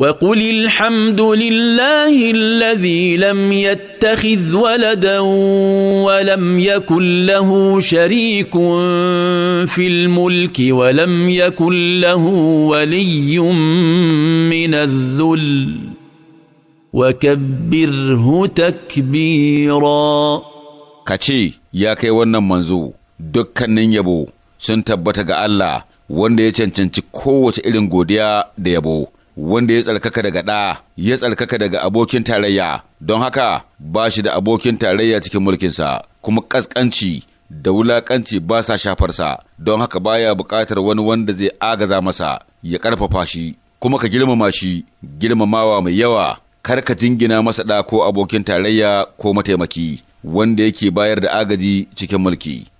وقل الحمد لله الذي لم يتخذ ولدا ولم يكن له شريك في الملك ولم يكن له ولي من الذل وكبره تكبيرا كتشي يا كي wannan manzo dukkanin yabo sun tabbata ga Allah wanda ya cancanci kowace irin godiya da yabo wanda ya tsarkaka daga ɗa ya tsarkaka daga abokin tarayya don haka ba shi da abokin tarayya cikin mulkinsa kuma ƙasƙanci da wulaƙanci ba sa shafarsa don haka baya buƙatar wani wanda zai agaza masa ya ƙarfafa shi kuma ka girmama shi girmamawa mai yawa kar ka jingina masa ɗa ko abokin tarayya ko mataimaki wanda yake bayar da agaji cikin mulki